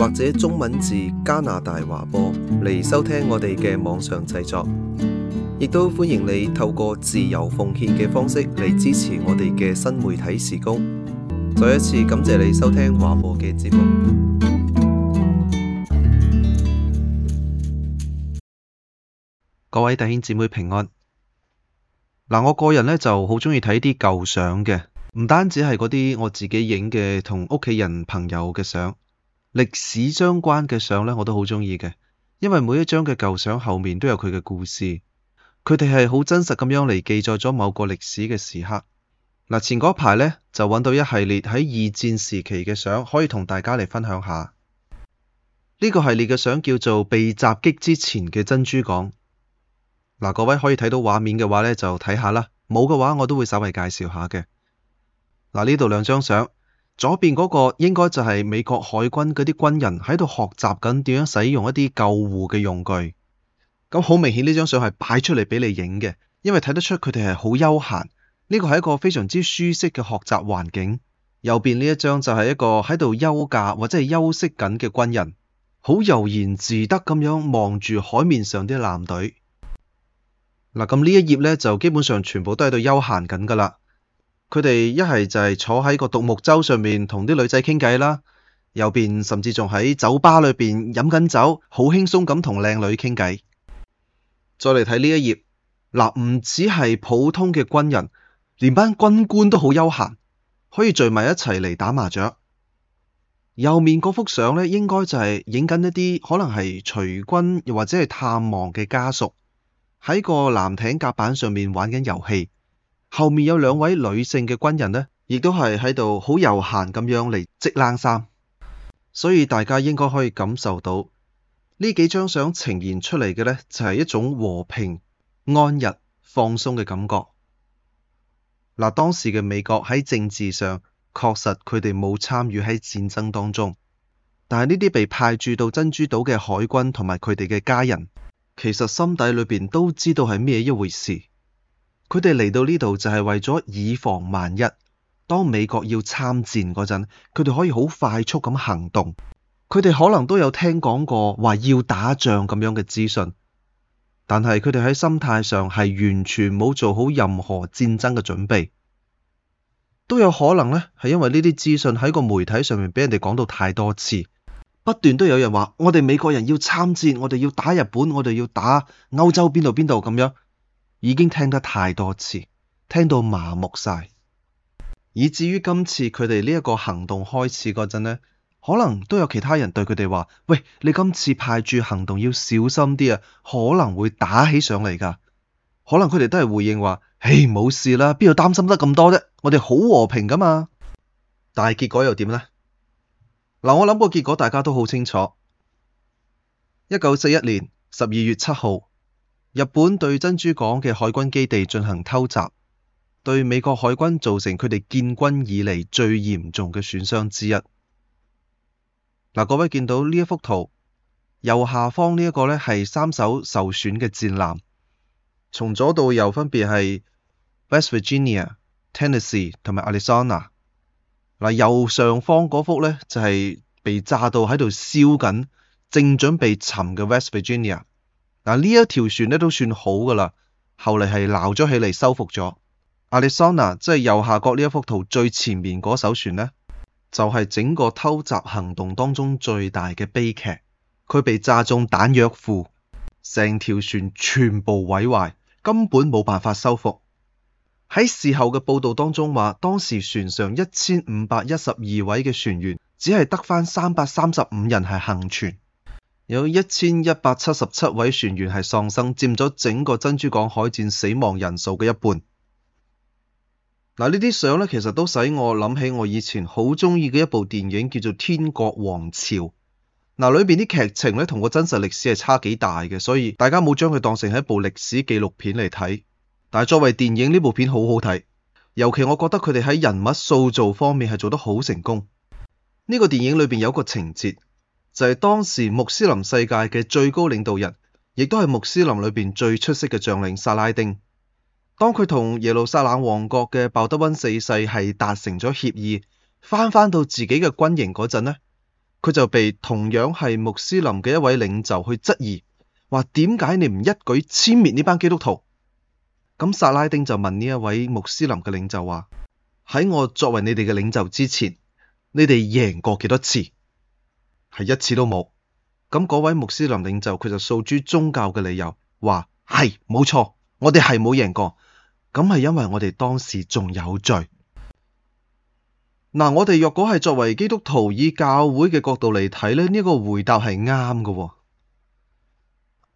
或者中文字加拿大華播嚟，收聽我哋嘅網上製作，亦都歡迎你透過自由奉獻嘅方式嚟支持我哋嘅新媒體事工。再一次感謝你收聽華播嘅節目。各位弟兄姐妹平安。嗱，我個人呢就好鍾意睇啲舊相嘅，唔單止係嗰啲我自己影嘅，同屋企人、朋友嘅相。歷史相關嘅相呢，我都好鍾意嘅，因為每一張嘅舊相後面都有佢嘅故事，佢哋係好真實咁樣嚟記載咗某個歷史嘅時刻。嗱，前嗰排呢，就揾到一系列喺二戰時期嘅相，可以同大家嚟分享下。呢個系列嘅相叫做被襲擊之前嘅珍珠港。嗱，各位可以睇到畫面嘅話呢，就睇下啦；冇嘅話，我都會稍微介紹下嘅。嗱，呢度兩張相。左邊嗰個應該就係美國海軍嗰啲軍人喺度學習緊點樣使用一啲救護嘅用具，咁好明顯呢張相係擺出嚟畀你影嘅，因為睇得出佢哋係好悠閒，呢個係一個非常之舒適嘅學習環境。右邊呢一張就係一個喺度休假或者係休息緊嘅軍人，好悠然自得咁樣望住海面上啲艦隊。嗱，咁呢一頁咧就基本上全部都喺度休閒緊㗎啦。佢哋一係就係坐喺個獨木舟上面同啲女仔傾偈啦，右邊甚至仲喺酒吧裏邊飲緊酒，好輕鬆咁同靚女傾偈。再嚟睇呢一頁，嗱唔止係普通嘅軍人，連班軍官都好悠閒，可以聚埋一齊嚟打麻雀。右面嗰幅相咧，應該就係影緊一啲可能係隨軍又或者係探望嘅家屬喺個艦艇甲板上面玩緊遊戲。後面有兩位女性嘅軍人呢，亦都係喺度好悠閒咁樣嚟織冷衫，所以大家應該可以感受到呢幾張相呈現出嚟嘅呢，就係一種和平、安逸、放鬆嘅感覺。嗱，當時嘅美國喺政治上確實佢哋冇參與喺戰爭當中，但係呢啲被派駐到珍珠島嘅海軍同埋佢哋嘅家人，其實心底裏邊都知道係咩一回事。佢哋嚟到呢度就係為咗以防萬一，當美國要參戰嗰陣，佢哋可以好快速咁行動。佢哋可能都有聽講過話要打仗咁樣嘅資訊，但係佢哋喺心態上係完全冇做好任何戰爭嘅準備。都有可能呢係因為呢啲資訊喺個媒體上面畀人哋講到太多次，不斷都有人話：我哋美國人要參戰，我哋要打日本，我哋要打歐洲邊度邊度咁樣。已經聽得太多次，聽到麻木晒。以至於今次佢哋呢一個行動開始嗰陣咧，可能都有其他人對佢哋話，喂，你今次派駐行動要小心啲啊，可能會打起上嚟㗎。可能佢哋都係回應話，唉，冇事啦，邊度擔心得咁多啫？我哋好和平噶嘛。但係結果又點呢？嗱，我諗個結果大家都好清楚。一九四一年十二月七號。日本對珍珠港嘅海軍基地進行偷襲，對美國海軍造成佢哋建軍以嚟最嚴重嘅損傷之一。嗱、呃，各位見到呢一幅圖，右下方呢一個咧係三艘受損嘅戰艦，從左到右分別係 West Virginia、Tennessee、Tennessee 同埋 Arizona。嗱，右上方嗰幅呢，就係、是、被炸到喺度燒緊，正準備沉嘅 West Virginia。嗱，呢一條船呢都算好噶啦，後嚟係撈咗起嚟修復咗。亞利桑那即係右下角呢一幅圖最前面嗰艘船呢，就係、是、整個偷襲行動當中最大嘅悲劇。佢被炸中彈藥庫，成條船全部毀壞，根本冇辦法修復。喺事後嘅報導當中話，當時船上一千五百一十二位嘅船員隻船，只係得翻三百三十五人係幸存。1 有一千一百七十七位船員係喪生，佔咗整個珍珠港海戰死亡人數嘅一半。嗱，呢啲相呢，其實都使我諗起我以前好中意嘅一部電影，叫做《天國王朝》。嗱，裏邊啲劇情呢，同個真實歷史係差幾大嘅，所以大家冇將佢當成係一部歷史紀錄片嚟睇。但係作為電影呢部片好好睇，尤其我覺得佢哋喺人物塑造方面係做得好成功。呢、這個電影裏邊有個情節。就係當時穆斯林世界嘅最高領導人，亦都係穆斯林裏邊最出色嘅將領薩拉丁。當佢同耶路撒冷王國嘅鮑德溫四世係達成咗協議，返返到自己嘅軍營嗰陣咧，佢就被同樣係穆斯林嘅一位領袖去質疑，話點解你唔一舉殲滅呢班基督徒？咁薩拉丁就問呢一位穆斯林嘅領袖話：喺我作為你哋嘅領袖之前，你哋贏過幾多次？係一次都冇，咁嗰位穆斯林領袖，佢就訴諸宗教嘅理由，話係冇錯，我哋係冇贏過，咁係因為我哋當時仲有罪。嗱，我哋若果係作為基督徒以教會嘅角度嚟睇咧，呢個回答係啱嘅喎。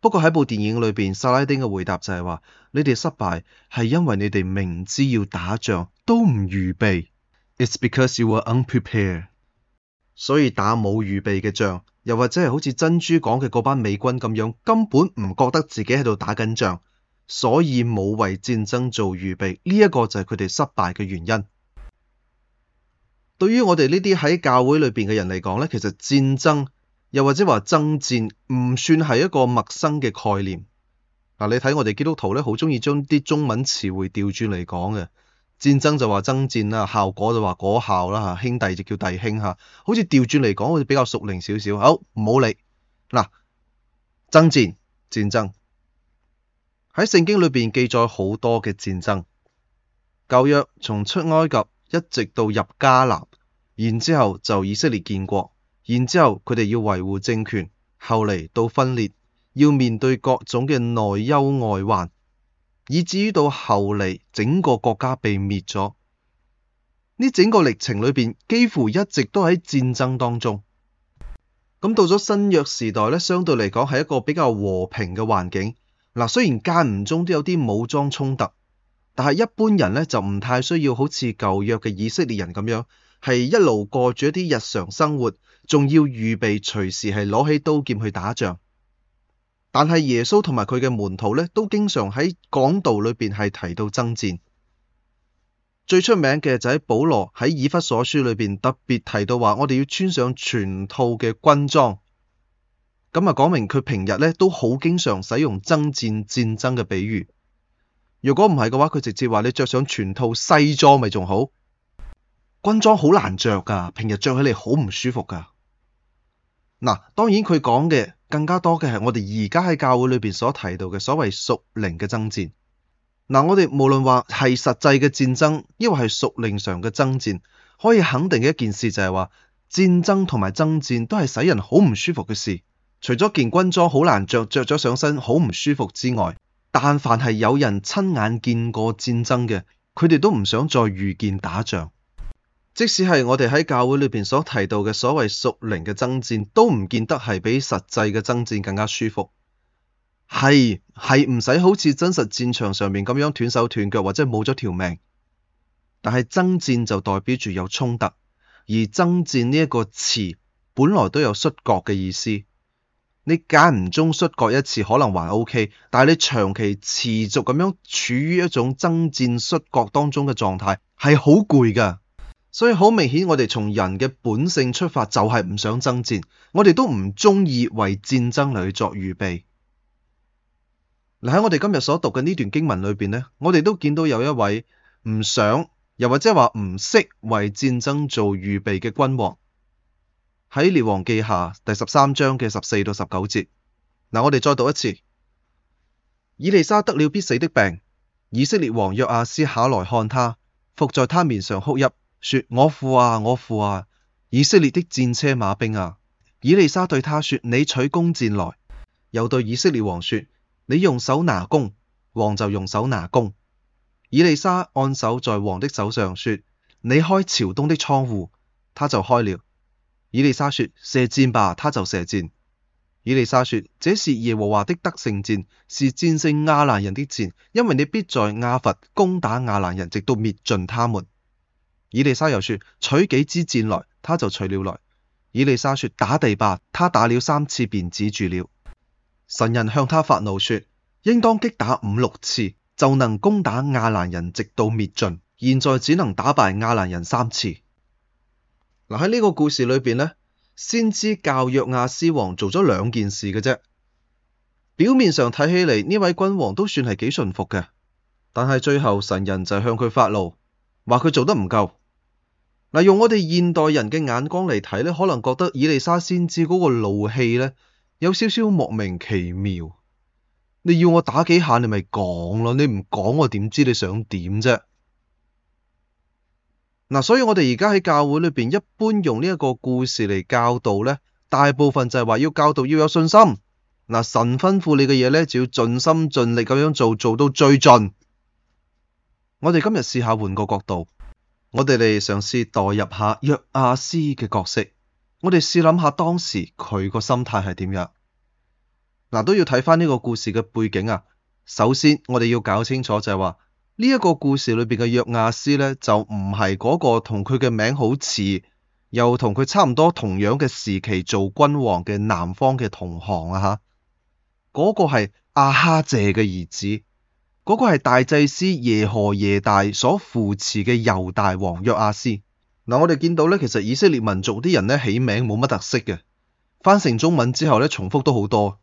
不過喺部電影裏邊，薩拉丁嘅回答就係話：你哋失敗係因為你哋明知要打仗都唔預備。It's because you were unprepared. 所以打冇預備嘅仗，又或者係好似珍珠港嘅嗰班美軍咁樣，根本唔覺得自己喺度打緊仗，所以冇為戰爭做預備，呢、這、一個就係佢哋失敗嘅原因。對於我哋呢啲喺教會裏邊嘅人嚟講咧，其實戰爭又或者話爭戰唔算係一個陌生嘅概念。嗱、啊，你睇我哋基督徒咧，好鍾意將啲中文詞彙調轉嚟講嘅。戰爭就話爭戰啦，效果就話果效啦嚇，兄弟就叫弟兄嚇。好似調轉嚟講，好似比較熟齡少少。好，唔好理嗱，爭戰、戰爭喺聖經裏邊記載好多嘅戰爭。舊約從出埃及一直到入迦南，然之後就以色列建國，然之後佢哋要維護政權，後嚟到分裂，要面對各種嘅內憂外患。以至於到後嚟整個國家被滅咗，呢整個歷程裏邊幾乎一直都喺戰爭當中。咁到咗新約時代呢，相對嚟講係一個比較和平嘅環境。嗱，雖然間唔中都有啲武裝衝突，但係一般人呢，就唔太需要好似舊約嘅以色列人咁樣，係一路過住一啲日常生活，仲要預備隨時係攞起刀劍去打仗。但係耶穌同埋佢嘅門徒咧，都經常喺講道裏邊係提到爭戰。最出名嘅就係保羅喺以弗所書裏邊特別提到話，我哋要穿上全套嘅軍裝。咁啊，講明佢平日咧都好經常使用爭戰戰爭嘅比喻。如果唔係嘅話，佢直接話你着上全套西裝咪仲好？軍裝好難着噶，平日着起嚟好唔舒服噶。嗱，當然佢講嘅。更加多嘅係我哋而家喺教會裏邊所提到嘅所謂屬靈嘅爭戰。嗱、啊，我哋無論話係實際嘅戰爭，亦或係屬靈上嘅爭戰，可以肯定嘅一件事就係話，戰爭同埋爭戰都係使人好唔舒服嘅事。除咗件軍裝好難着，着咗上身好唔舒服之外，但凡係有人親眼見過戰爭嘅，佢哋都唔想再遇見打仗。即使係我哋喺教會裏邊所提到嘅所謂屬靈嘅爭戰，都唔見得係比實際嘅爭戰更加舒服。係係唔使好似真實戰場上面咁樣斷手斷腳或者冇咗條命，但係爭戰就代表住有衝突。而爭戰呢一個詞，本來都有摔角嘅意思。你間唔中摔角一次可能還 OK，但係你長期持續咁樣處於一種爭戰摔角當中嘅狀態，係好攰㗎。所以好明顯，我哋從人嘅本性出發，就係唔想爭戰，我哋都唔中意為戰爭嚟去作預備。嗱，喺我哋今日所讀嘅呢段經文裏邊呢，我哋都見到有一位唔想，又或者話唔識為戰爭做預備嘅君王。喺《列王記下》第十三章嘅十四到十九節，嗱，我哋再讀一次：以利沙得了必死的病，以色列王約阿斯下來看他，伏在他面上哭泣。說我父啊我父啊！以色列的戰車馬兵啊！以利沙對他說：你取弓箭來。又對以色列王說：你用手拿弓。王就用手拿弓。以利沙按手在王的手上說：你開朝東的窗戶，他就開了。以利沙說：射箭吧！他就射箭。以利沙說：這是耶和華的得勝箭，是戰勝亞蘭人的箭，因為你必在亞弗攻打亞蘭人，直到滅盡他們。以利沙又說：取幾支箭來，他就取了來。以利沙說：打地吧，他打了三次便止住了。神人向他發怒說：應當擊打五六次，就能攻打亞蘭人，直到滅盡。現在只能打敗亞蘭人三次。嗱，喺呢個故事裏邊呢，先知教約亞斯王做咗兩件事嘅啫。表面上睇起嚟呢位君王都算係幾順服嘅，但係最後神人就向佢發怒，話佢做得唔夠。嗱，用我哋現代人嘅眼光嚟睇咧，可能覺得以利沙先知嗰個怒氣咧，有少少莫名其妙。你要我打幾下，你咪講咯，你唔講我點知你想點啫？嗱，所以我哋而家喺教會裏邊，一般用呢一個故事嚟教導咧，大部分就係話要教導要有信心。嗱，神吩咐你嘅嘢咧，就要盡心盡力咁樣做，做到最盡。我哋今日試下換個角度。我哋嚟嘗試代入下約亞斯嘅角色，我哋試諗下當時佢個心態係點樣。嗱，都要睇翻呢個故事嘅背景啊。首先，我哋要搞清楚就係話，呢一個故事裏邊嘅約亞斯咧，就唔係嗰個同佢嘅名好似，又同佢差唔多同樣嘅時期做君王嘅南方嘅同行啊吓。嗰個係阿哈謝嘅兒子。嗰個係大祭司耶何耶大所扶持嘅猶大王約阿斯。嗱，我哋見到咧，其實以色列民族啲人咧起名冇乜特色嘅，翻成中文之後咧重複都好多。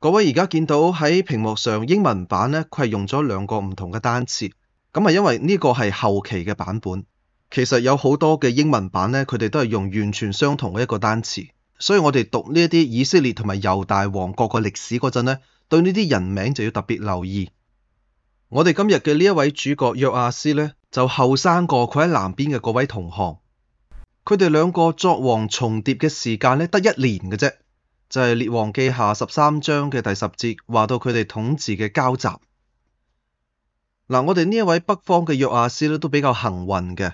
各位而家見到喺屏幕上英文版咧，佢係用咗兩個唔同嘅單詞，咁係因為呢個係後期嘅版本。其實有好多嘅英文版咧，佢哋都係用完全相同嘅一個單詞，所以我哋讀呢一啲以色列同埋猶大王國嘅歷史嗰陣咧，對呢啲人名就要特別留意。我哋今日嘅呢一位主角約阿斯咧，就後生過佢喺南邊嘅嗰位同行，佢哋兩個作王重疊嘅時間咧得一年嘅啫，就係列王記下十三章嘅第十節話到佢哋統治嘅交集。嗱，我哋呢一位北方嘅約阿斯咧都比較幸運嘅，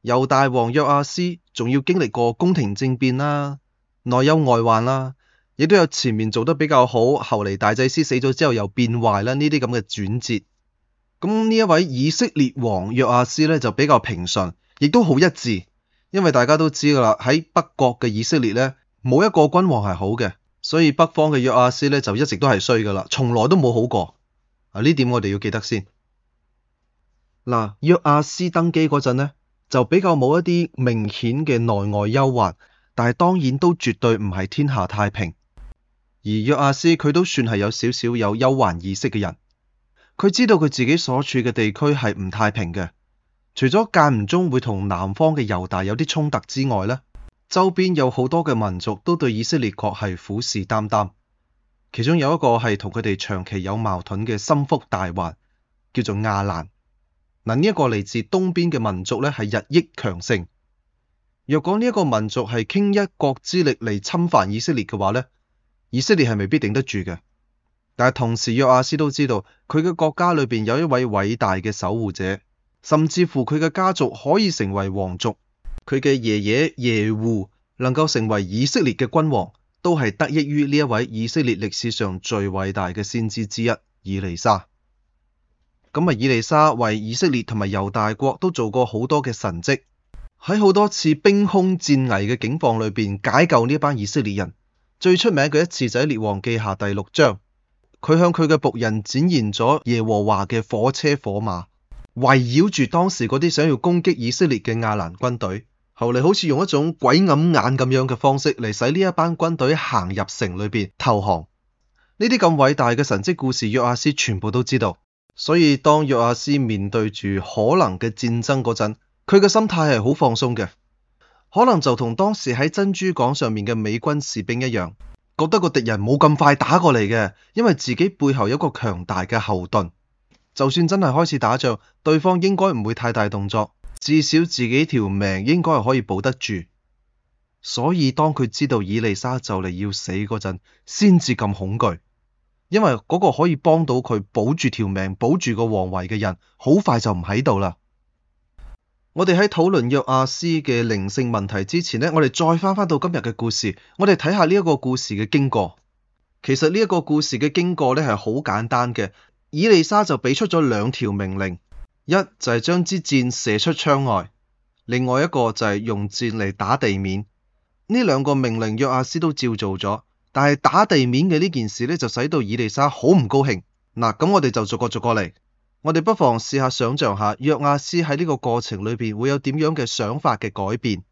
由大王約阿斯仲要經歷過宮廷政變啦，內憂外患啦，亦都有前面做得比較好，後嚟大祭司死咗之後又變壞啦，呢啲咁嘅轉折。咁呢一位以色列王約阿斯咧就比較平順，亦都好一致。因為大家都知噶啦，喺北國嘅以色列咧，冇一個君王係好嘅，所以北方嘅約阿斯咧就一直都係衰噶啦，從來都冇好過。啊，呢點我哋要記得先。嗱，約阿斯登基嗰陣咧，就比較冇一啲明顯嘅內外憂患，但係當然都絕對唔係天下太平。而約阿斯佢都算係有少少有憂患意識嘅人。佢知道佢自己所處嘅地區係唔太平嘅，除咗間唔中會同南方嘅猶大有啲衝突之外呢，周邊有好多嘅民族都對以色列確係虎視眈眈，其中有一個係同佢哋長期有矛盾嘅心腹大患，叫做亞蘭。嗱，呢一個嚟自東邊嘅民族呢，係日益強盛。若果呢一個民族係傾一國之力嚟侵犯以色列嘅話呢，以色列係未必頂得住嘅。但同時，約阿斯都知道佢嘅國家裏邊有一位偉大嘅守護者，甚至乎佢嘅家族可以成為皇族。佢嘅爺爺耶戶能夠成為以色列嘅君王，都係得益於呢位以色列歷史上最偉大嘅先知之一以利沙，咁啊，以利沙為以色列同埋猶大國都做過好多嘅神蹟，喺好多次兵凶戰危嘅境況裏邊解救呢班以色列人。最出名嘅一次就喺列王記下第六章。佢向佢嘅僕人展現咗耶和華嘅火車火馬，圍繞住當時嗰啲想要攻擊以色列嘅亞蘭軍隊。後嚟好似用一種鬼揞眼咁樣嘅方式，嚟使呢一班軍隊行入城裏邊投降。呢啲咁偉大嘅神蹟故事，約阿斯全部都知道。所以當約阿斯面對住可能嘅戰爭嗰陣，佢嘅心態係好放鬆嘅，可能就同當時喺珍珠港上面嘅美軍士兵一樣。覺得個敵人冇咁快打過嚟嘅，因為自己背後有個強大嘅後盾，就算真係開始打仗，對方應該唔會太大動作，至少自己條命應該係可以保得住。所以當佢知道以利沙就嚟要死嗰陣，先至咁恐懼，因為嗰個可以幫到佢保住條命、保住個皇位嘅人，好快就唔喺度啦。我哋喺討論約阿斯嘅靈性問題之前呢，我哋再返返到今日嘅故事，我哋睇下呢一個故事嘅經過。其實呢一個故事嘅經過呢係好簡單嘅，以利沙就畀出咗兩條命令，一就係將支箭射出窗外，另外一個就係用箭嚟打地面。呢兩個命令約阿斯都照做咗，但係打地面嘅呢件事呢，就使到以利沙好唔高興。嗱，咁我哋就逐個逐個嚟。我哋不妨試下想象下約阿斯喺呢個過程裏邊會有點樣嘅想法嘅改變。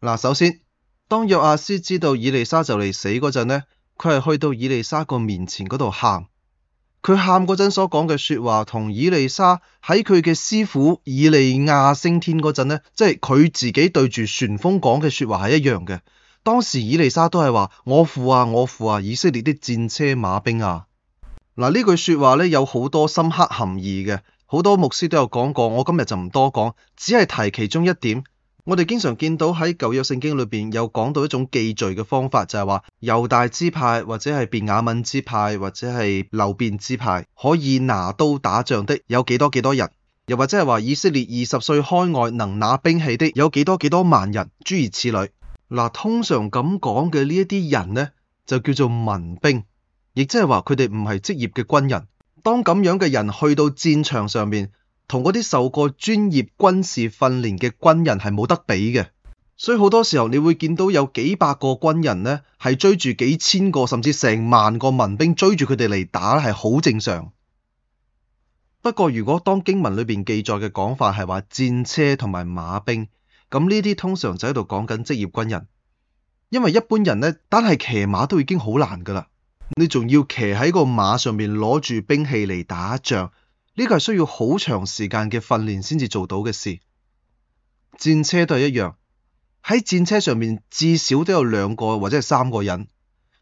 嗱，首先，當約阿斯知道以利沙就嚟死嗰陣呢，佢係去到以利沙個面前嗰度喊。佢喊嗰陣所講嘅說話，同以利沙喺佢嘅師傅以利亞升天嗰陣呢，即係佢自己對住旋風講嘅說話係一樣嘅。當時以利沙都係話：我父啊，我父啊，以色列啲戰車馬兵啊！嗱，呢句説話咧有好多深刻含義嘅，好多牧師都有講過，我今日就唔多講，只係提其中一點。我哋經常見到喺舊約聖經裏邊有講到一種記敘嘅方法，就係話猶大支派或者係便雅憫支派或者係流便支派可以拿刀打仗的有幾多幾多人，又或者係話以色列二十歲開外能拿兵器的有幾多幾多萬人，諸如此類。嗱，通常咁講嘅呢一啲人呢，就叫做民兵。亦即係話，佢哋唔係職業嘅軍人。當咁樣嘅人去到戰場上面，同嗰啲受過專業軍事訓練嘅軍人係冇得比嘅。所以好多時候你會見到有幾百個軍人呢，係追住幾千個甚至成萬個民兵追住佢哋嚟打，係好正常。不過如果當經文裏邊記載嘅講法係話戰車同埋馬兵，咁呢啲通常就喺度講緊職業軍人，因為一般人呢，單係騎馬都已經好難噶啦。你仲要騎喺個馬上面攞住兵器嚟打仗，呢個係需要好長時間嘅訓練先至做到嘅事。戰車都係一樣，喺戰車上面至少都有兩個或者係三個人，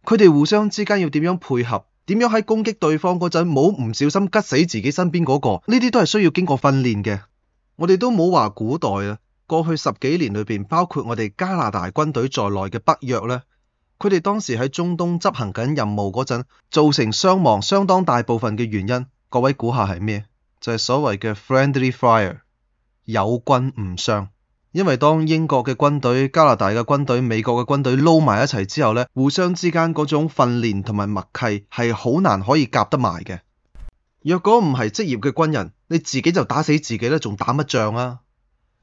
佢哋互相之間要點樣配合，點樣喺攻擊對方嗰陣冇唔小心吉死自己身邊嗰個，呢啲都係需要經過訓練嘅。我哋都冇話古代啊，過去十幾年裏邊，包括我哋加拿大軍隊在內嘅北約咧。佢哋當時喺中東執行緊任務嗰陣，造成傷亡相當大部分嘅原因，各位估下係咩？就係所謂嘅 friendly fire 友軍誤傷。因為當英國嘅軍隊、加拿大嘅軍隊、美國嘅軍隊撈埋一齊之後咧，互相之間嗰種訓練同埋默契係好難可以夾得埋嘅。若果唔係職業嘅軍人，你自己就打死自己咧，仲打乜仗啊？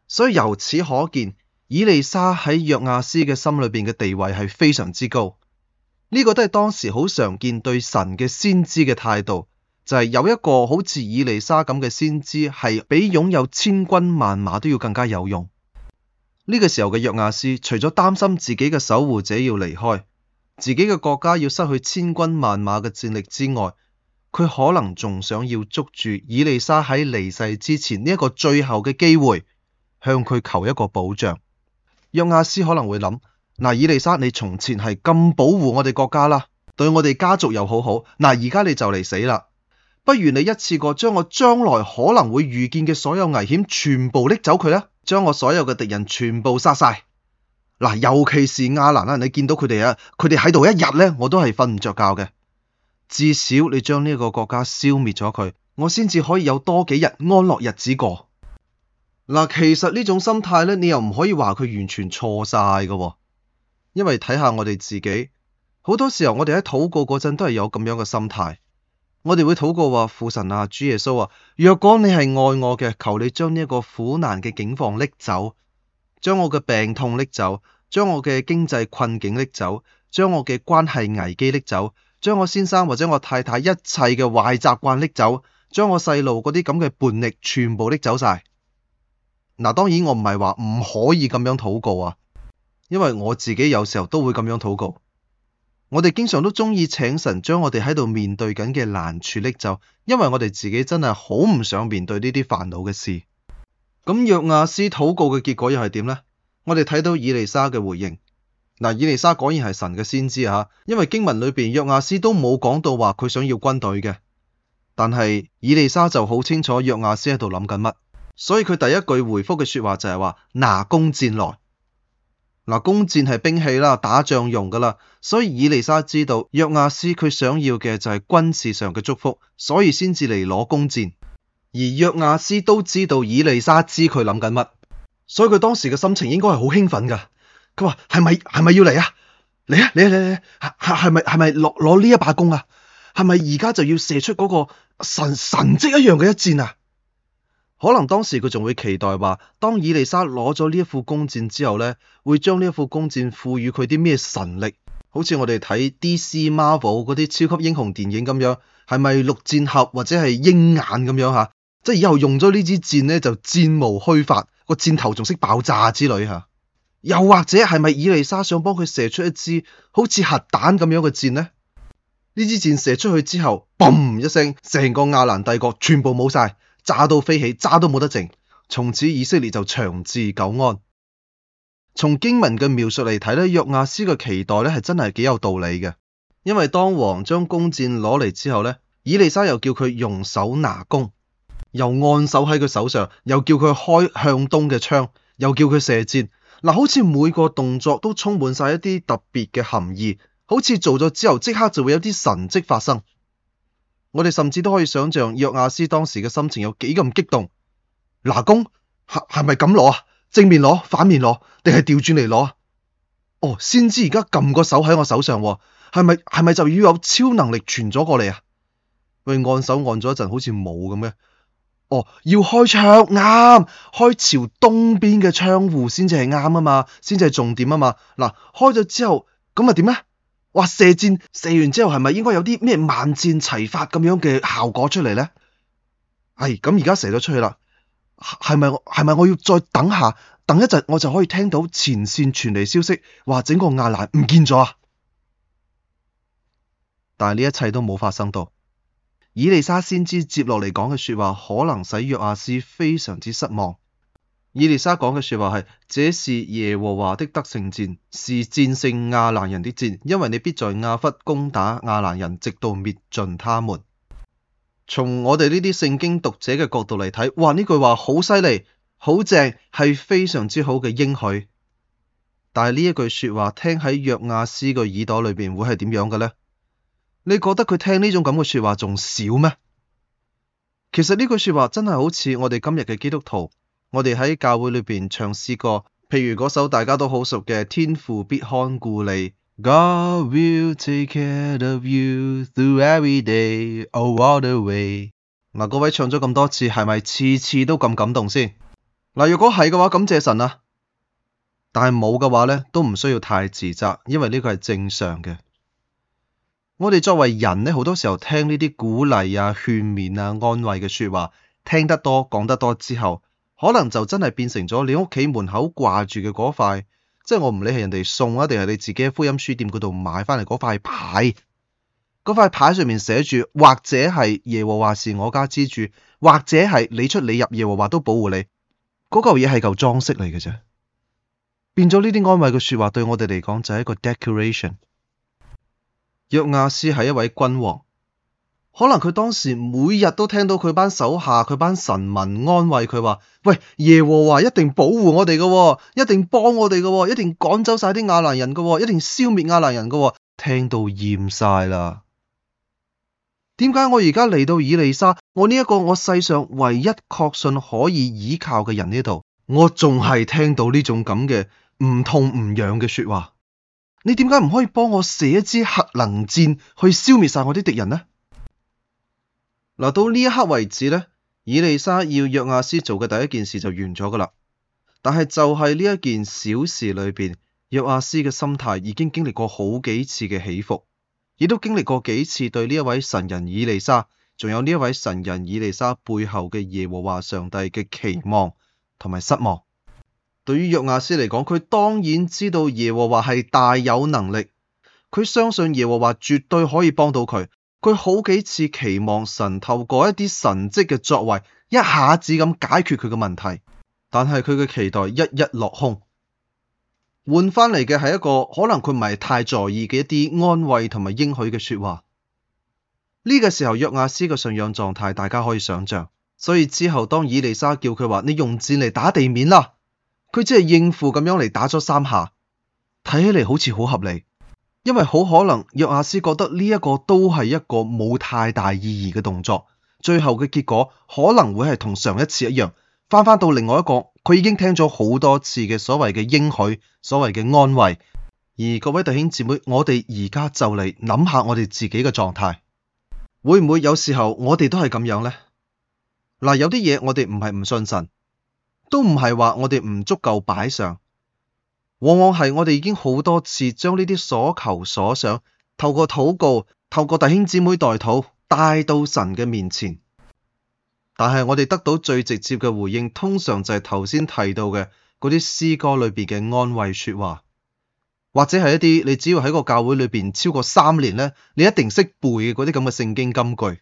所以由此可見。以利沙喺約雅斯嘅心裏邊嘅地位係非常之高，呢、這個都係當時好常見對神嘅先知嘅態度，就係、是、有一個好似以利沙咁嘅先知係比擁有千軍萬馬都要更加有用。呢、這個時候嘅約雅斯，除咗擔心自己嘅守護者要離開，自己嘅國家要失去千軍萬馬嘅戰力之外，佢可能仲想要捉住以利沙喺離世之前呢一個最後嘅機會，向佢求一個保障。約亞斯可能會諗：嗱，以利沙，你從前係咁保護我哋國家啦，對我哋家族又好好。嗱，而家你就嚟死啦，不如你一次過將我將來可能會遇見嘅所有危險全部拎走佢啦，將我所有嘅敵人全部殺晒。嗱，尤其是亞蘭啦，你見到佢哋啊，佢哋喺度一日咧，我都係瞓唔着覺嘅。至少你將呢個國家消滅咗佢，我先至可以有多幾日安樂日子過。嗱，其實呢種心態咧，你又唔可以話佢完全錯晒嘅喎，因為睇下我哋自己，好多時候我哋喺禱告嗰陣都係有咁樣嘅心態，我哋會禱告話、啊：「父神啊，主耶穌啊，若果你係愛我嘅，求你將呢一個苦難嘅境況拎走，將我嘅病痛拎走，將我嘅經濟困境拎走，將我嘅關係危機拎走，將我先生或者我太太一切嘅壞習慣拎走，將我細路嗰啲咁嘅叛逆全部拎走晒。」嗱，當然我唔係話唔可以咁樣禱告啊，因為我自己有時候都會咁樣禱告。我哋經常都中意請神將我哋喺度面對緊嘅難處拎走，因為我哋自己真係好唔想面對呢啲煩惱嘅事。咁約亞斯禱告嘅結果又係點呢？我哋睇到以利沙嘅回應。嗱，以利沙果然係神嘅先知啊，吓，因為經文裏邊約亞斯都冇講到話佢想要軍隊嘅，但係以利沙就好清楚約亞斯喺度諗緊乜。所以佢第一句回覆嘅說話就係話，拿弓箭來，嗱、呃、弓箭係兵器啦，打仗用噶啦。所以以利沙知道約亞斯佢想要嘅就係軍事上嘅祝福，所以先至嚟攞弓箭。而約亞斯都知道以利沙知佢諗緊乜，所以佢當時嘅心情應該係好興奮噶。佢話，係咪係咪要嚟啊？嚟啊嚟啊嚟嚟，係係咪係咪攞攞呢一把弓啊？係咪而家就要射出嗰個神神，神蹟一樣嘅一箭啊？可能當時佢仲會期待話，當以利沙攞咗呢一副弓箭之後呢，會將呢一副弓箭賦予佢啲咩神力？好似我哋睇 D C、Marvel 嗰啲超級英雄電影咁樣，係咪綠箭俠或者係鷹眼咁樣嚇？即以後用咗呢支箭呢，就箭無虛發，個箭頭仲識爆炸之類嚇。又或者係咪以利沙想幫佢射出一支好似核彈咁樣嘅箭呢？呢支箭射出去之後，嘣一聲，成個亞蘭帝國全部冇曬。炸到飛起，炸都冇得剩。從此以色列就長治久安。從經文嘅描述嚟睇咧，約亞斯嘅期待咧係真係幾有道理嘅。因為當王將弓箭攞嚟之後呢，以利沙又叫佢用手拿弓，又按手喺佢手上，又叫佢開向東嘅窗，又叫佢射箭。嗱，好似每個動作都充滿曬一啲特別嘅含義，好似做咗之後即刻就會有啲神蹟發生。我哋甚至都可以想象約亞斯當時嘅心情有幾咁激動。嗱，弓係係咪咁攞啊？正面攞，反面攞，定係調轉嚟攞啊？哦，先知而家撳個手喺我手上，係咪係咪就要有超能力傳咗過嚟啊？喂，按手按咗一陣，好似冇咁嘅。哦，要開窗，啱，開朝東邊嘅窗戶先至係啱啊嘛，先至係重點啊嘛。嗱，開咗之後咁啊點咧？哇！射箭射完之後係咪應該有啲咩萬箭齊發咁樣嘅效果出嚟咧？唉、哎，咁而家射咗出去啦，係咪係咪我要再等下，等一陣我就可以聽到前線傳嚟消息，話整個亞蘭唔見咗啊？但係呢一切都冇發生到，以利沙先知接落嚟講嘅說話，可能使約阿斯非常之失望。以利沙講嘅說話係：這是耶和華的得勝戰，是戰勝亞蘭人的戰，因為你必在亞弗攻打亞蘭人，直到滅盡他們。從我哋呢啲聖經讀者嘅角度嚟睇，哇！呢句話好犀利，好正，係非常之好嘅應許。但係呢一句說話聽喺約亞斯嘅耳朵裏邊會係點樣嘅呢？你覺得佢聽呢種咁嘅說話仲少咩？其實呢句說話真係好似我哋今日嘅基督徒。我哋喺教會裏邊唱詩歌，譬如嗰首大家都好熟嘅《天父必看顧你》，God will take care of you, through every day, all the way. 嗱、啊，各位唱咗咁多次，係咪次次都咁感動先？嗱、啊，如果係嘅話，感謝神啊！但係冇嘅話咧，都唔需要太自責，因為呢個係正常嘅。我哋作為人咧，好多時候聽呢啲鼓勵啊、勸勉啊、安慰嘅說話，聽得多、講得多之後，可能就真係變成咗你屋企門口掛住嘅嗰塊，即係我唔理係人哋送啊，定係你自己喺福音書店嗰度買翻嚟嗰塊牌，嗰塊牌上面寫住或者係耶和華是我家之主，或者係你出你入耶和華都保護你，嗰嚿嘢係嚿裝飾嚟嘅啫，變咗呢啲安慰嘅說話對我哋嚟講就係一個 decoration。約亞斯係一位君王。可能佢當時每日都聽到佢班手下佢班臣民安慰佢話，喂，耶和華一定保護我哋嘅、哦，一定幫我哋嘅、哦，一定趕走晒啲亞蘭人嘅、哦，一定消滅亞蘭人嘅、哦。聽到厭晒啦。點解我而家嚟到以利沙？我呢一個我世上唯一確信可以依靠嘅人呢度，我仲係聽到呢種咁嘅唔痛唔癢嘅說話。你點解唔可以幫我射一支核能箭去消滅晒我啲敵人呢？嗱，到呢一刻為止咧，以利沙要約亞斯做嘅第一件事就完咗噶啦。但係就係呢一件小事裏邊，約亞斯嘅心態已經經歷過好幾次嘅起伏，亦都經歷過幾次對呢一位神人以利沙，仲有呢一位神人以利沙背後嘅耶和華上帝嘅期望同埋失望。嗯、對於約亞斯嚟講，佢當然知道耶和華係大有能力，佢相信耶和華絕對可以幫到佢。佢好幾次期望神透過一啲神蹟嘅作為，一下子咁解決佢嘅問題，但係佢嘅期待一一落空，換返嚟嘅係一個可能佢唔係太在意嘅一啲安慰同埋應許嘅說話。呢個時候約亞斯嘅信仰狀態大家可以想象，所以之後當以利沙叫佢話你用箭嚟打地面啦，佢只係應付咁樣嚟打咗三下，睇起嚟好似好合理。因為好可能約阿斯覺得呢一個都係一個冇太大意義嘅動作，最後嘅結果可能會係同上一次一樣，翻翻到另外一個，佢已經聽咗好多次嘅所謂嘅應許，所謂嘅安慰。而各位弟兄姊妹，我哋而家就嚟諗下我哋自己嘅狀態，會唔會有時候我哋都係咁樣呢？嗱，有啲嘢我哋唔係唔信神，都唔係話我哋唔足夠擺上。往往係我哋已經好多次將呢啲所求所想透過禱告、透過弟兄姊妹代禱帶到神嘅面前，但係我哋得到最直接嘅回應，通常就係頭先提到嘅嗰啲詩歌裏邊嘅安慰說話，或者係一啲你只要喺個教會裏邊超過三年呢，你一定識背嘅嗰啲咁嘅聖經金句。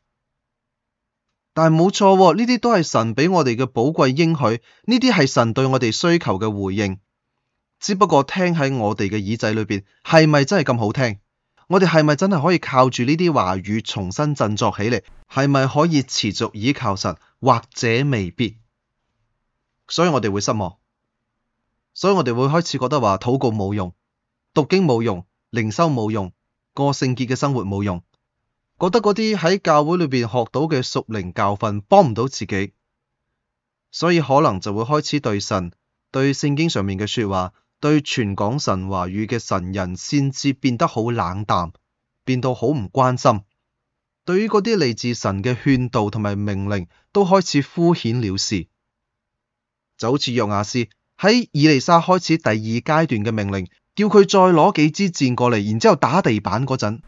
但係冇錯喎，呢啲都係神畀我哋嘅寶貴應許，呢啲係神對我哋需求嘅回應。只不過聽喺我哋嘅耳仔裏邊，係咪真係咁好聽？我哋係咪真係可以靠住呢啲話語重新振作起嚟？係咪可以持續倚靠神？或者未必，所以我哋會失望，所以我哋會開始覺得話禱告冇用，讀經冇用，靈修冇用，過聖潔嘅生活冇用，覺得嗰啲喺教會裏邊學到嘅屬靈教訓幫唔到自己，所以可能就會開始對神、對聖經上面嘅說話。對全港神話語嘅神人，先至變得好冷淡，變到好唔關心。對於嗰啲嚟自神嘅勸導同埋命令，都開始敷衍了事，就好似約雅斯喺以利沙開始第二階段嘅命令，叫佢再攞幾支箭過嚟，然之後打地板嗰陣。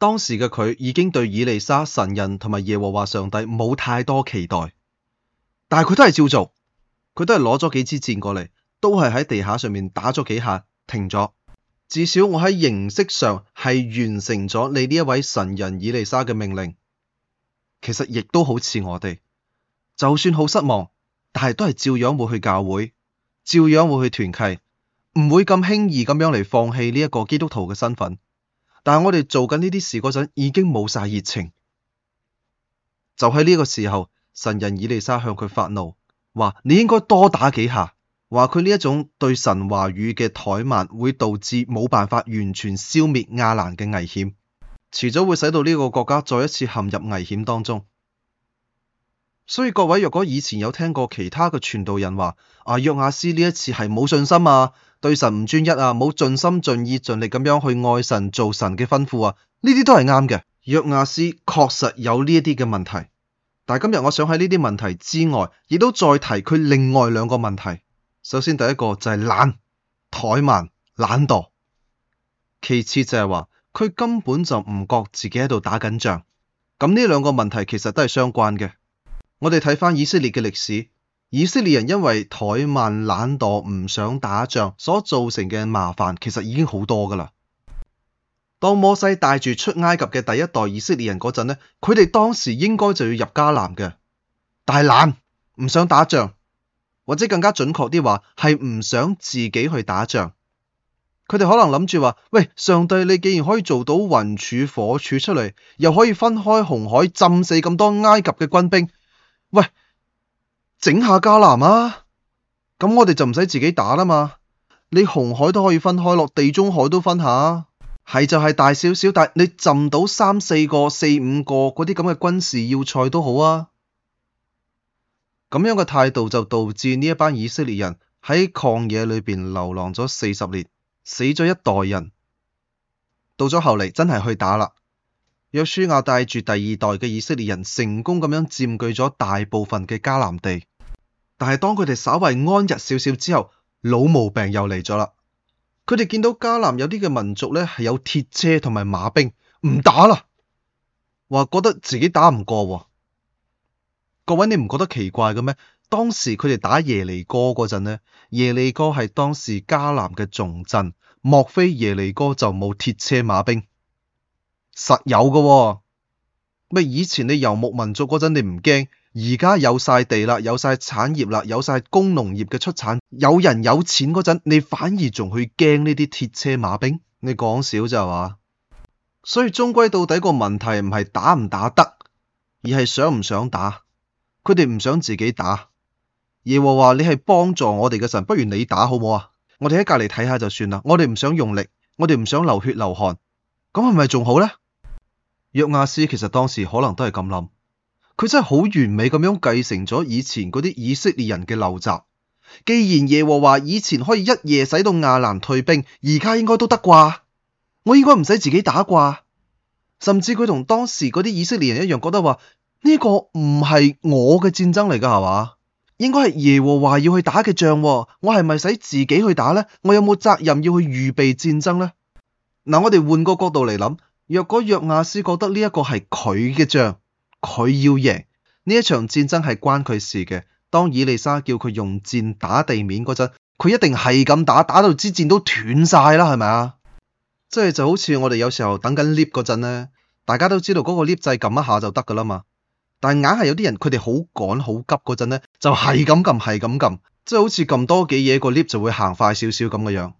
當時嘅佢已經對以利沙神人同埋耶和華上帝冇太多期待，但係佢都係照做，佢都係攞咗幾支箭過嚟。都係喺地下上面打咗幾下，停咗。至少我喺形式上係完成咗你呢一位神人以利沙嘅命令。其實亦都好似我哋，就算好失望，但係都係照樣會去教會，照樣會去團契，唔會咁輕易咁樣嚟放棄呢一個基督徒嘅身份。但係我哋做緊呢啲事嗰陣，已經冇晒熱情。就喺呢個時候，神人以利沙向佢發怒，話你應該多打幾下。話佢呢一種對神話語嘅怠慢，會導致冇辦法完全消滅亞蘭嘅危險，遲早會使到呢個國家再一次陷入危險當中。所以各位，若果以前有聽過其他嘅傳道人話啊約亞斯呢一次係冇信心啊，對神唔專一啊，冇盡心盡意盡力咁樣去愛神做神嘅吩咐啊，呢啲都係啱嘅。約亞斯確實有呢一啲嘅問題，但係今日我想喺呢啲問題之外，亦都再提佢另外兩個問題。首先第一個就係懶、怠慢、懶惰，其次就係話佢根本就唔覺自己喺度打緊仗，咁呢兩個問題其實都係相關嘅。我哋睇翻以色列嘅歷史，以色列人因為怠慢、懶惰、唔想打仗所造成嘅麻煩其實已經好多噶啦。當摩西帶住出埃及嘅第一代以色列人嗰陣呢，佢哋當時應該就要入迦南嘅，但係懶，唔想打仗。或者更加準確啲話，係唔想自己去打仗。佢哋可能諗住話：「喂，上帝，你既然可以做到雲柱火柱出嚟，又可以分開紅海浸死咁多埃及嘅軍兵，喂，整下迦南啊！咁我哋就唔使自己打啦嘛。你紅海都可以分開，落地中海都分下，係就係大少少，但你浸到三四個、四五個嗰啲咁嘅軍事要塞都好啊。咁樣嘅態度就導致呢一班以色列人喺曠野裏邊流浪咗四十年，死咗一代人。到咗後嚟真係去打啦，約書亞帶住第二代嘅以色列人成功咁樣佔據咗大部分嘅迦南地。但係當佢哋稍為安逸少少之後，老毛病又嚟咗啦。佢哋見到迦南有啲嘅民族咧係有鐵車同埋馬兵，唔打啦，話覺得自己打唔過喎。各位，你唔覺得奇怪嘅咩？當時佢哋打耶利哥嗰陣咧，耶利哥係當時迦南嘅重鎮，莫非耶利哥就冇鐵車馬兵？實有嘅咩，哦？以前你游牧民族嗰陣你唔驚，而家有晒地啦，有晒產業啦，有晒工農業嘅出產，有人有錢嗰陣，你反而仲去驚呢啲鐵車馬兵？你講笑就係話？所以終歸到底個問題唔係打唔打得，而係想唔想打。佢哋唔想自己打，耶和華，你係幫助我哋嘅神，不如你打好唔好啊？我哋喺隔籬睇下就算啦，我哋唔想用力，我哋唔想流血流汗，咁係咪仲好咧？約阿斯其實當時可能都係咁諗，佢真係好完美咁樣繼承咗以前嗰啲以色列人嘅陋習。既然耶和華以前可以一夜使到亞蘭退兵，而家應該都得啩？我應該唔使自己打啩？甚至佢同當時嗰啲以色列人一樣，覺得話。呢個唔係我嘅戰爭嚟噶，係嘛？應該係耶和華要去打嘅仗，我係咪使自己去打呢？我有冇責任要去預備戰爭呢？嗱，我哋換個角度嚟諗，若果約亞斯覺得呢一個係佢嘅仗，佢要贏，呢一場戰爭係關佢事嘅。當以利沙叫佢用箭打地面嗰陣，佢一定係咁打，打到支箭都斷晒啦，係咪啊？即係就好似我哋有時候等緊 lift 嗰陣咧，大家都知道嗰個 lift 掣撳一下就得噶啦嘛。但硬係有啲人，佢哋好趕好急嗰陣咧，就係咁撳，係咁撳，即係好似撳多幾嘢個 lift 就會行快少少咁嘅樣。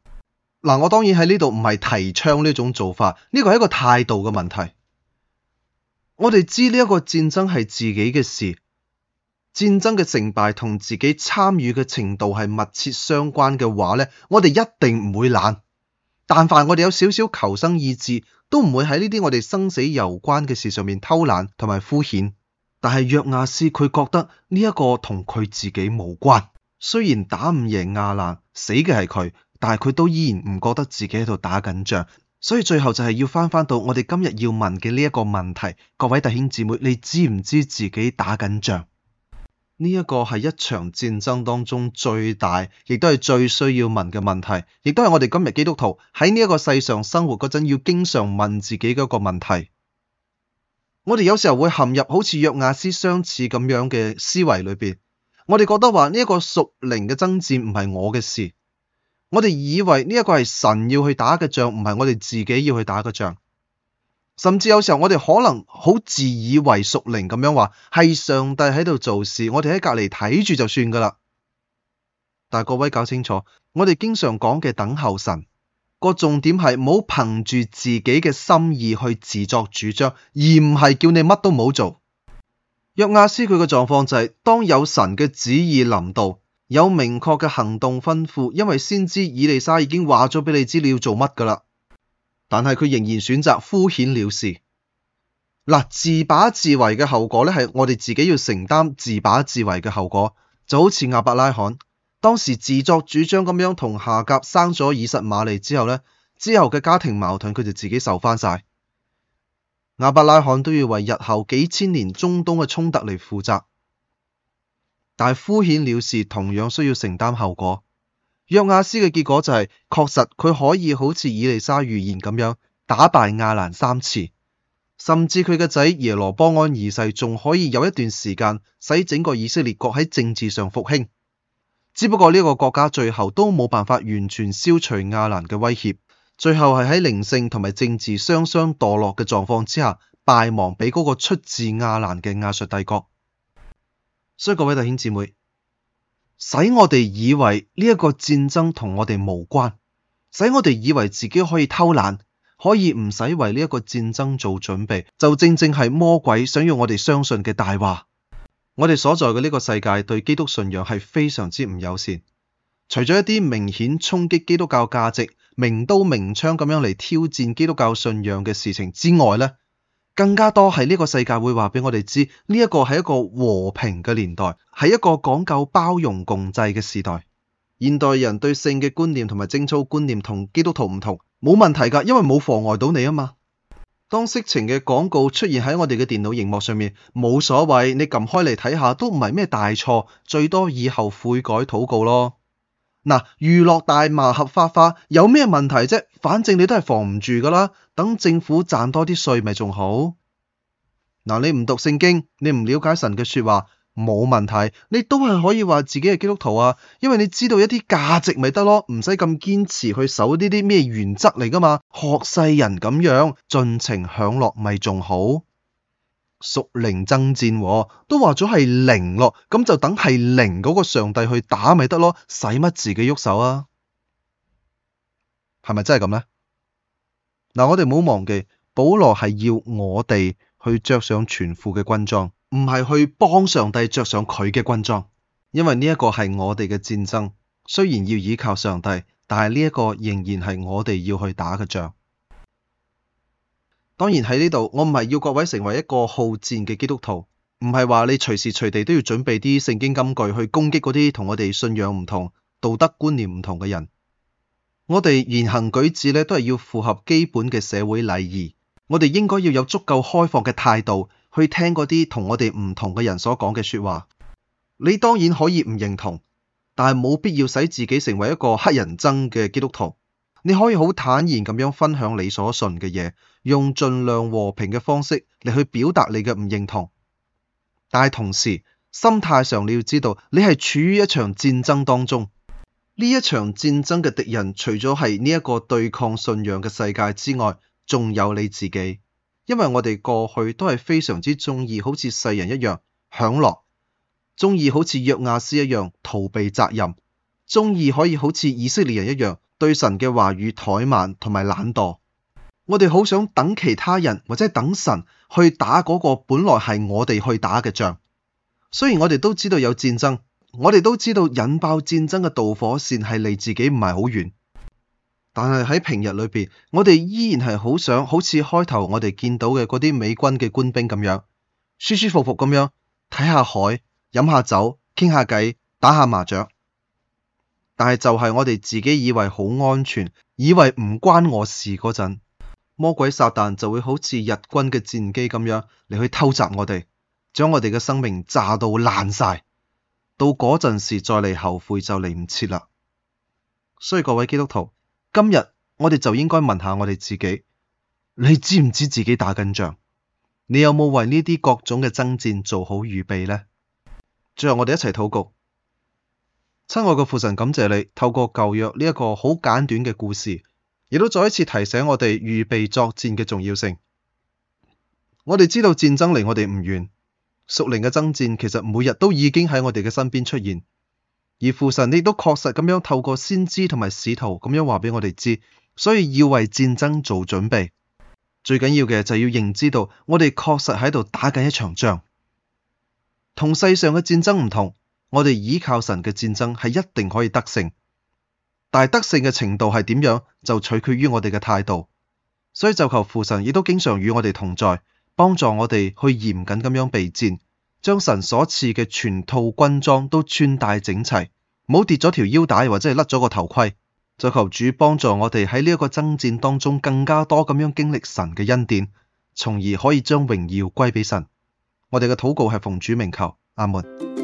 嗱，我當然喺呢度唔係提倡呢種做法，呢個係一個態度嘅問題。我哋知呢一個戰爭係自己嘅事，戰爭嘅勝敗同自己參與嘅程度係密切相關嘅話咧，我哋一定唔會懶。但凡我哋有少少求生意志，都唔會喺呢啲我哋生死攸關嘅事上面偷懶同埋敷衍。但係約亞斯佢覺得呢一個同佢自己無關，雖然打唔贏亞蘭，死嘅係佢，但係佢都依然唔覺得自己喺度打緊仗，所以最後就係要翻返到我哋今日要問嘅呢一個問題，各位弟兄姊妹，你知唔知自己打緊仗？呢一個係一場戰爭當中最大，亦都係最需要問嘅問題，亦都係我哋今日基督徒喺呢一個世上生活嗰陣要經常問自己嗰個問題。我哋有時候會陷入好似約雅斯相似咁樣嘅思維裏邊，我哋覺得話呢一個屬靈嘅爭戰唔係我嘅事，我哋以為呢一個係神要去打嘅仗，唔係我哋自己要去打嘅仗。甚至有時候我哋可能好自以為屬靈咁樣話，係上帝喺度做事，我哋喺隔籬睇住就算㗎喇。但係各位搞清楚，我哋經常講嘅等候神。個重點係唔好憑住自己嘅心意去自作主張，而唔係叫你乜都冇做。約亞斯佢嘅狀況就係、是、當有神嘅旨意臨到，有明確嘅行動吩咐，因為先知以利沙已經話咗畀你知你要做乜噶啦，但係佢仍然選擇敷衍了事。嗱，自把自為嘅後果咧，係我哋自己要承擔自把自為嘅後果，就好似亞伯拉罕。當時自作主張咁樣同夏甲生咗以實瑪利之後呢，之後嘅家庭矛盾佢就自己受返晒。亞伯拉罕都要為日後幾千年中東嘅衝突嚟負責，但係敷衍了事同樣需要承擔後果。約亞斯嘅結果就係，確實佢可以好似以利沙預言咁樣打敗亞蘭三次，甚至佢嘅仔耶羅波安二世仲可以有一段時間使整個以色列國喺政治上復興。只不過呢個國家最後都冇辦法完全消除亞蘭嘅威脅，最後係喺靈性同埋政治雙雙墮落嘅狀況之下，敗亡俾嗰個出自亞蘭嘅亞述帝國。所以各位弟兄姊妹，使我哋以為呢一個戰爭同我哋無關，使我哋以為自己可以偷懶，可以唔使為呢一個戰爭做準備，就正正係魔鬼想要我哋相信嘅大話。我哋所在嘅呢個世界對基督信仰係非常之唔友善，除咗一啲明顯衝擊基督教價值、明刀明槍咁樣嚟挑戰基督教信仰嘅事情之外咧，更加多係呢個世界會話畀我哋知，呢一個係一個和平嘅年代，係一個講究包容共濟嘅時代。現代人對性嘅觀念同埋貞操觀念同基督徒唔同，冇問題噶，因為冇妨礙到你啊嘛。當色情嘅廣告出現喺我哋嘅電腦熒幕上面，冇所謂，你撳開嚟睇下都唔係咩大錯，最多以後悔改禱告咯。嗱，娛樂大麻合法化有咩問題啫？反正你都係防唔住噶啦，等政府賺多啲稅咪仲好。嗱，你唔讀聖經，你唔了解神嘅說話。冇問題，你都係可以話自己係基督徒啊，因為你知道一啲價值咪得咯，唔使咁堅持去守呢啲咩原則嚟噶嘛，學世人咁樣盡情享樂咪仲好。屬靈爭戰啊，都話咗係靈咯，咁就等係靈嗰個上帝去打咪得咯，使乜自己喐手啊？係咪真係咁呢？嗱，我哋唔好忘記，保羅係要我哋去着上全副嘅軍裝。唔係去幫上帝着上佢嘅軍裝，因為呢一個係我哋嘅戰爭。雖然要依靠上帝，但係呢一個仍然係我哋要去打嘅仗。當然喺呢度，我唔係要各位成為一個好戰嘅基督徒，唔係話你隨時隨地都要準備啲聖經金句去攻擊嗰啲同我哋信仰唔同、道德觀念唔同嘅人。我哋言行舉止呢都係要符合基本嘅社會禮儀。我哋應該要有足夠開放嘅態度。去聽嗰啲同我哋唔同嘅人所講嘅說話，你當然可以唔認同，但係冇必要使自己成為一個乞人憎嘅基督徒。你可以好坦然咁樣分享你所信嘅嘢，用儘量和平嘅方式嚟去表達你嘅唔認同。但係同時心態上你要知道，你係處於一場戰爭當中。呢一場戰爭嘅敵人除咗係呢一個對抗信仰嘅世界之外，仲有你自己。因為我哋過去都係非常之鍾意，好似世人一樣享樂，鍾意好似約亞斯一樣逃避責任，鍾意可以好似以色列人一樣對神嘅話語怠慢同埋懶惰。我哋好想等其他人或者等神去打嗰個本來係我哋去打嘅仗。雖然我哋都知道有戰爭，我哋都知道引爆戰爭嘅導火線係離自己唔係好遠。但係喺平日裏邊，我哋依然係好想好似開頭我哋見到嘅嗰啲美軍嘅官兵咁樣，舒舒服服咁樣睇下海、飲下酒、傾下偈，打下麻雀。但係就係我哋自己以為好安全，以為唔關我事嗰陣，魔鬼撒旦就會好似日軍嘅戰機咁樣嚟去偷襲我哋，將我哋嘅生命炸到爛晒。到嗰陣時再嚟後悔就嚟唔切啦。所以各位基督徒，今日我哋就應該問下我哋自己：你知唔知自己打緊仗？你有冇為呢啲各種嘅爭戰做好預備呢？最後我哋一齊禱告。親愛嘅父神，感謝你透過舊約呢一個好簡短嘅故事，亦都再一次提醒我哋預備作戰嘅重要性。我哋知道戰爭離我哋唔遠，屬靈嘅爭戰其實每日都已經喺我哋嘅身邊出現。而父神亦都確實咁樣透過先知同埋使徒咁樣話畀我哋知，所以要為戰爭做準備。最緊要嘅就要認知到，我哋確實喺度打緊一場仗。同世上嘅戰爭唔同，我哋倚靠神嘅戰爭係一定可以得勝，但係得勝嘅程度係點樣就取決於我哋嘅態度。所以就求父神亦都經常與我哋同在，幫助我哋去嚴謹咁樣備戰。將神所賜嘅全套軍裝都穿戴整齊，唔好跌咗條腰帶或者係甩咗個頭盔。就求主幫助我哋喺呢一個爭戰當中，更加多咁樣經歷神嘅恩典，從而可以將榮耀歸俾神。我哋嘅禱告係奉主名求，阿門。